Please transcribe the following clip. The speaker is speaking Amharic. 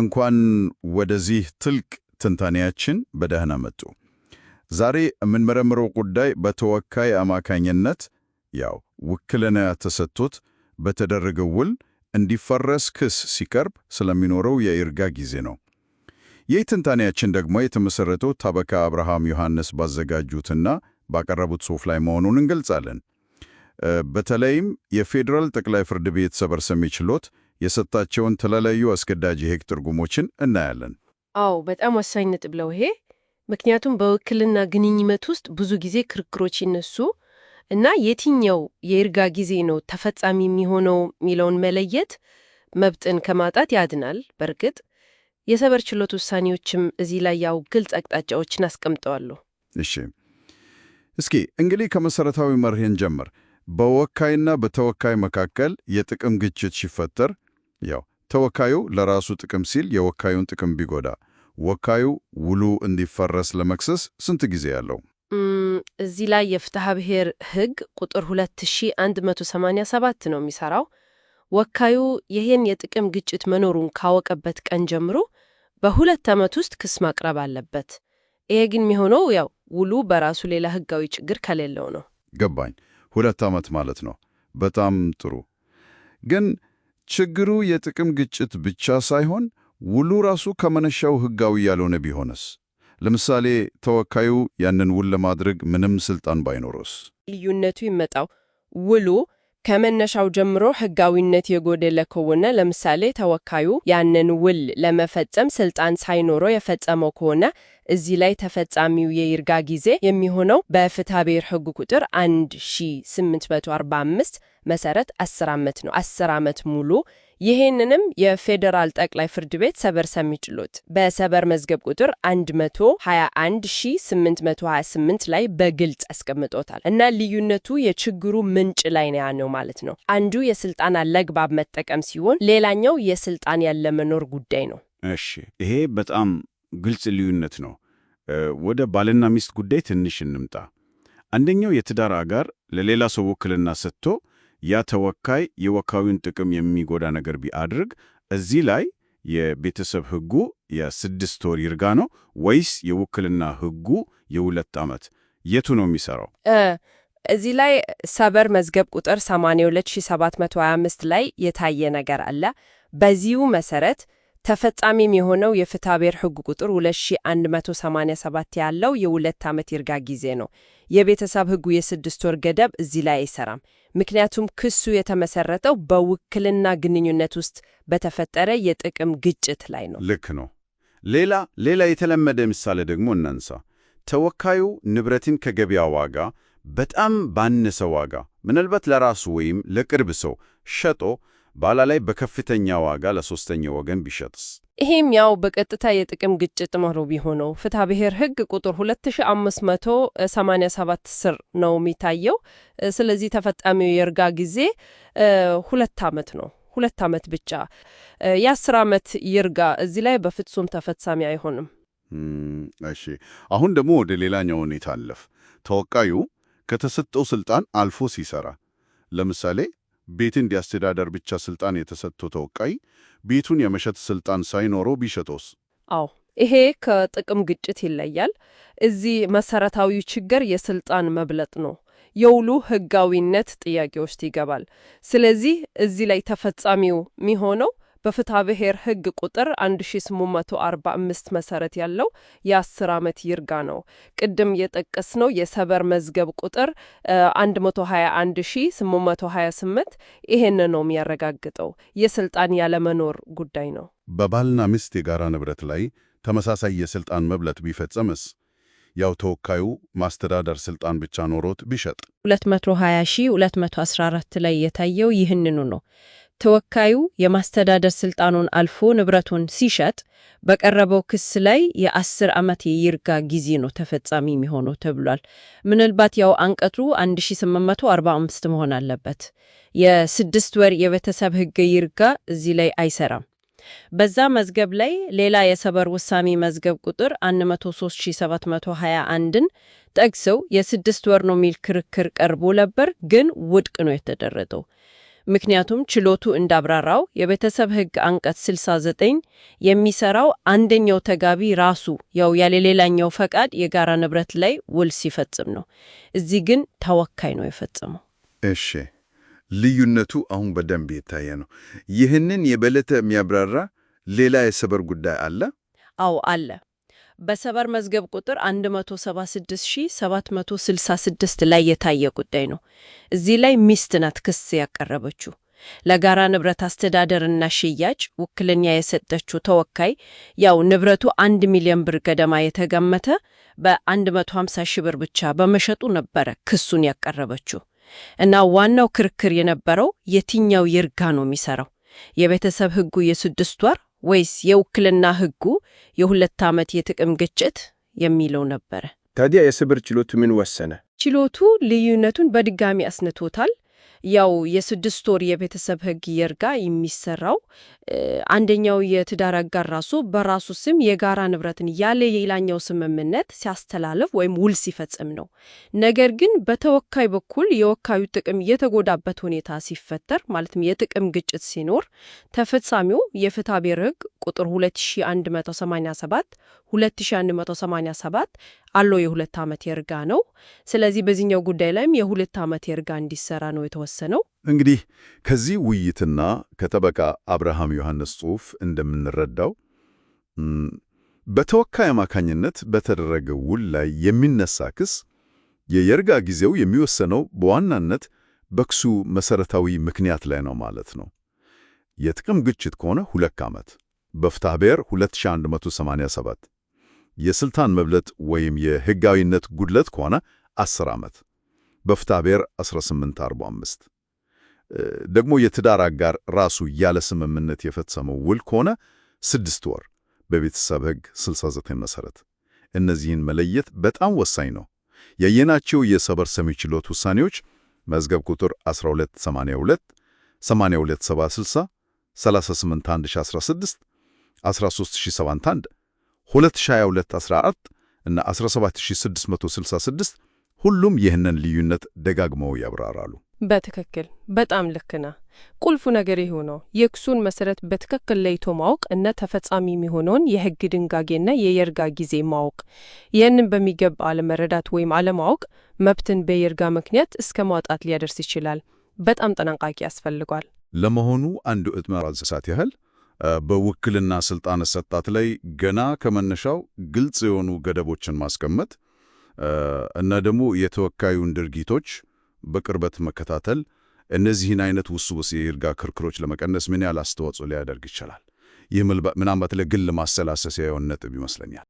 እንኳን ወደዚህ ጥልቅ ትንታኔያችን በደህና መጡ። ዛሬ የምንመረምረው ጉዳይ በተወካይ አማካኝነት ያው ውክልና ተሰጥቶት በተደረገው ውል እንዲፈረስ ክስ ሲቀርብ ስለሚኖረው የይርጋ ጊዜ ነው። ይህ ትንታኔያችን ደግሞ የተመሠረተው ጠበቃ አብርሃም ዮሐንስ ባዘጋጁትና ባቀረቡት ጽሑፍ ላይ መሆኑን እንገልጻለን። በተለይም የፌዴራል ጠቅላይ ፍርድ ቤት ሰበር ሰሚ ችሎት የሰጣቸውን ተለያዩ አስገዳጅ የሕግ ትርጉሞችን እናያለን። አዎ በጣም ወሳኝ ነጥብ ነው ይሄ። ምክንያቱም በውክልና ግንኙነት ውስጥ ብዙ ጊዜ ክርክሮች ይነሱ እና የትኛው የይርጋ ጊዜ ነው ተፈጻሚ የሚሆነው የሚለውን መለየት መብትን ከማጣት ያድናል። በእርግጥ የሰበር ችሎት ውሳኔዎችም እዚህ ላይ ያው ግልጽ አቅጣጫዎችን አስቀምጠዋለሁ እሺ እስኪ እንግዲህ ከመሠረታዊ መርሄን ጀምር። በወካይና በተወካይ መካከል የጥቅም ግጭት ሲፈጠር ያው ተወካዩ ለራሱ ጥቅም ሲል የወካዩን ጥቅም ቢጎዳ ወካዩ ውሉ እንዲፈረስ ለመክሰስ ስንት ጊዜ ያለው? እዚህ ላይ የፍትሐ ብሔር ሕግ ቁጥር 2187 ነው የሚሰራው። ወካዩ ይህን የጥቅም ግጭት መኖሩን ካወቀበት ቀን ጀምሮ በሁለት ዓመት ውስጥ ክስ ማቅረብ አለበት። ይሄ ግን የሚሆነው ያው ውሉ በራሱ ሌላ ሕጋዊ ችግር ከሌለው ነው። ገባኝ። ሁለት ዓመት ማለት ነው። በጣም ጥሩ ግን ችግሩ የጥቅም ግጭት ብቻ ሳይሆን ውሉ ራሱ ከመነሻው ሕጋዊ ያልሆነ ቢሆንስ? ለምሳሌ ተወካዩ ያንን ውል ለማድረግ ምንም ስልጣን ባይኖሮስ? ልዩነቱ ይመጣው ውሉ ከመነሻው ጀምሮ ሕጋዊነት የጎደለ ከሆነ ለምሳሌ ተወካዩ ያንን ውል ለመፈጸም ስልጣን ሳይኖረው የፈጸመው ከሆነ እዚህ ላይ ተፈጻሚው የይርጋ ጊዜ የሚሆነው በፍትሐ ብሔር ሕግ ቁጥር 1845 መሰረት 10 ዓመት ነው። 10 ዓመት ሙሉ ይህንንም የፌዴራል ጠቅላይ ፍርድ ቤት ሰበር ሰሚ ችሎት በሰበር መዝገብ ቁጥር 121828 ላይ በግልጽ አስቀምጦታል እና ልዩነቱ የችግሩ ምንጭ ላይ ነው ያነው ማለት ነው። አንዱ የስልጣን አለግባብ መጠቀም ሲሆን፣ ሌላኛው የስልጣን ያለመኖር ጉዳይ ነው። እሺ፣ ይሄ በጣም ግልጽ ልዩነት ነው። ወደ ባልና ሚስት ጉዳይ ትንሽ እንምጣ። አንደኛው የትዳር አጋር ለሌላ ሰው ውክልና ሰጥቶ ያ ተወካይ የወካዩን ጥቅም የሚጎዳ ነገር ቢያድርግ እዚህ ላይ የቤተሰብ ህጉ የስድስት ወር ይርጋ ነው ወይስ የውክልና ህጉ የሁለት ዓመት? የቱ ነው የሚሰራው? እዚህ ላይ ሰበር መዝገብ ቁጥር 82725 ላይ የታየ ነገር አለ። በዚሁ መሰረት ተፈጻሚም የሆነው የፍትሐብሔር ሕግ ቁጥር 2187 ያለው የሁለት ዓመት ይርጋ ጊዜ ነው። የቤተሰብ ሕጉ የስድስት ወር ገደብ እዚህ ላይ አይሰራም። ምክንያቱም ክሱ የተመሰረተው በውክልና ግንኙነት ውስጥ በተፈጠረ የጥቅም ግጭት ላይ ነው። ልክ ነው። ሌላ ሌላ የተለመደ ምሳሌ ደግሞ እናንሳ። ተወካዩ ንብረትን ከገበያ ዋጋ በጣም ባነሰ ዋጋ ምናልባት ለራሱ ወይም ለቅርብ ሰው ሸጦ ባላ ላይ በከፍተኛ ዋጋ ለሶስተኛ ወገን ቢሸጥስ? ይህም ያው በቀጥታ የጥቅም ግጭት መሮ ቢሆነው ፍትሐ ብሔር ሕግ ቁጥር 2587 ስር ነው የሚታየው። ስለዚህ ተፈጻሚው የእርጋ ጊዜ ሁለት ዓመት ነው። ሁለት ዓመት ብቻ። የአስር ዓመት ይርጋ እዚህ ላይ በፍጹም ተፈጻሚ አይሆንም። እሺ፣ አሁን ደግሞ ወደ ሌላኛው ሁኔታ አለፍ። ተወቃዩ ከተሰጠው ስልጣን አልፎ ሲሰራ ለምሳሌ ቤት እንዲያስተዳደር ብቻ ስልጣን የተሰጥቶ ተወካይ ቤቱን የመሸጥ ስልጣን ሳይኖረው ቢሸጦስ? አዎ ይሄ ከጥቅም ግጭት ይለያል። እዚህ መሰረታዊ ችግር የስልጣን መብለጥ ነው። የውሉ ህጋዊነት ጥያቄ ውስጥ ይገባል። ስለዚህ እዚህ ላይ ተፈጻሚው የሚሆነው በፍትሐ ብሔር ህግ ቁጥር 1845 መሰረት ያለው የ10 ዓመት ይርጋ ነው። ቅድም የጠቀስነው የሰበር መዝገብ ቁጥር 121828 ይሄን ነው የሚያረጋግጠው። የስልጣን ያለመኖር ጉዳይ ነው። በባልና ሚስት የጋራ ንብረት ላይ ተመሳሳይ የስልጣን መብለት ቢፈጸምስ? ያው ተወካዩ ማስተዳደር ስልጣን ብቻ ኖሮት ቢሸጥ 220214 ላይ የታየው ይህንኑ ነው። ተወካዩ የማስተዳደር ስልጣኑን አልፎ ንብረቱን ሲሸጥ በቀረበው ክስ ላይ የአስር ዓመት የይርጋ ጊዜ ነው ተፈጻሚ የሚሆነው ተብሏል። ምናልባት ያው አንቀጹ 1845 መሆን አለበት። የስድስት ወር የቤተሰብ ሕግ ይርጋ እዚህ ላይ አይሰራም። በዛ መዝገብ ላይ ሌላ የሰበር ውሳኔ መዝገብ ቁጥር 13721 ን ጠቅሰው የስድስት ወር ነው የሚል ክርክር ቀርቦ ነበር፣ ግን ውድቅ ነው የተደረገው። ምክንያቱም ችሎቱ እንዳብራራው የቤተሰብ ሕግ አንቀጽ 69 የሚሰራው አንደኛው ተጋቢ ራሱ ያው ያለ ሌላኛው ፈቃድ የጋራ ንብረት ላይ ውል ሲፈጽም ነው። እዚህ ግን ተወካይ ነው የፈጸመው። እሺ፣ ልዩነቱ አሁን በደንብ የታየ ነው። ይህንን የበለጠ የሚያብራራ ሌላ የሰበር ጉዳይ አለ? አዎ አለ። በሰበር መዝገብ ቁጥር 176766 ላይ የታየ ጉዳይ ነው። እዚህ ላይ ሚስት ናት ክስ ያቀረበችው። ለጋራ ንብረት አስተዳደርና ሽያጭ ውክልና የሰጠችው ተወካይ ያው ንብረቱ አንድ ሚሊዮን ብር ገደማ የተገመተ በ150 ሺህ ብር ብቻ በመሸጡ ነበረ ክሱን ያቀረበችው እና ዋናው ክርክር የነበረው የትኛው ይርጋ ነው የሚሰራው የቤተሰብ ህጉ የስድስት ወር ወይስ የውክልና ህጉ የሁለት ዓመት የጥቅም ግጭት የሚለው ነበረ። ታዲያ የስብር ችሎቱ ምን ወሰነ? ችሎቱ ልዩነቱን በድጋሚ አስነቶታል። ያው የስድስት ወር የቤተሰብ ህግ ይርጋ የሚሰራው አንደኛው የትዳር አጋር ራሱ በራሱ ስም የጋራ ንብረትን ያለ የሌላኛው ስምምነት ሲያስተላልፍ ወይም ውል ሲፈጽም ነው። ነገር ግን በተወካይ በኩል የወካዩ ጥቅም የተጎዳበት ሁኔታ ሲፈጠር ማለትም የጥቅም ግጭት ሲኖር ተፈጻሚው የፍትሐ ብሔር ህግ ቁጥር 2187 2187 አለው የሁለት ዓመት የእርጋ ነው። ስለዚህ በዚህኛው ጉዳይ ላይም የሁለት ዓመት የእርጋ እንዲሰራ ነው የተወሰነ የተወሰነው? እንግዲህ ከዚህ ውይይትና ከጠበቃ አብርሃም ዮሐንስ ጽሑፍ እንደምንረዳው በተወካይ አማካኝነት በተደረገ ውል ላይ የሚነሳ ክስ የየርጋ ጊዜው የሚወሰነው በዋናነት በክሱ መሰረታዊ ምክንያት ላይ ነው ማለት ነው። የጥቅም ግጭት ከሆነ ሁለት ዓመት በፍትሐ ብሔር 2187፣ የሥልጣን መብለጥ ወይም የህጋዊነት ጉድለት ከሆነ 10 ዓመት። በፍታቤር 1845 ደግሞ የትዳር አጋር ራሱ ያለ ስምምነት የፈጸመው ውል ከሆነ ስድስት ወር በቤተሰብ ሕግ 69 መሠረት። እነዚህን መለየት በጣም ወሳኝ ነው። ያየናቸው የሰበር ሰሚ ችሎት ውሳኔዎች መዝገብ ቁጥር 1282፣ 82760፣ 38116፣ 13071፣ 202214 እና 17666 ሁሉም ይህንን ልዩነት ደጋግመው ያብራራሉ። በትክክል በጣም ልክና ቁልፉ ነገር ይህ ነው። የክሱን መሰረት በትክክል ለይቶ ማወቅ እና ተፈጻሚ የሚሆነውን የህግ ድንጋጌና የየርጋ ጊዜ ማወቅ። ይህንን በሚገባ አለመረዳት ወይም አለማወቅ መብትን በየርጋ ምክንያት እስከ ማውጣት ሊያደርስ ይችላል። በጣም ጥንቃቄ ያስፈልጓል። ለመሆኑ አንዱ እትመራ ዘሳት ያህል በውክልና ስልጣን ሰጣት ላይ ገና ከመነሻው ግልጽ የሆኑ ገደቦችን ማስቀመጥ እና ደግሞ የተወካዩን ድርጊቶች በቅርበት መከታተል እነዚህን አይነት ውስውስ የይርጋ ክርክሮች ለመቀነስ ምን ያህል አስተዋጽኦ ሊያደርግ ይችላል? ይህ ምናልባት ለግል ማሰላሰሲያ የሆነ ነጥብ ይመስለኛል።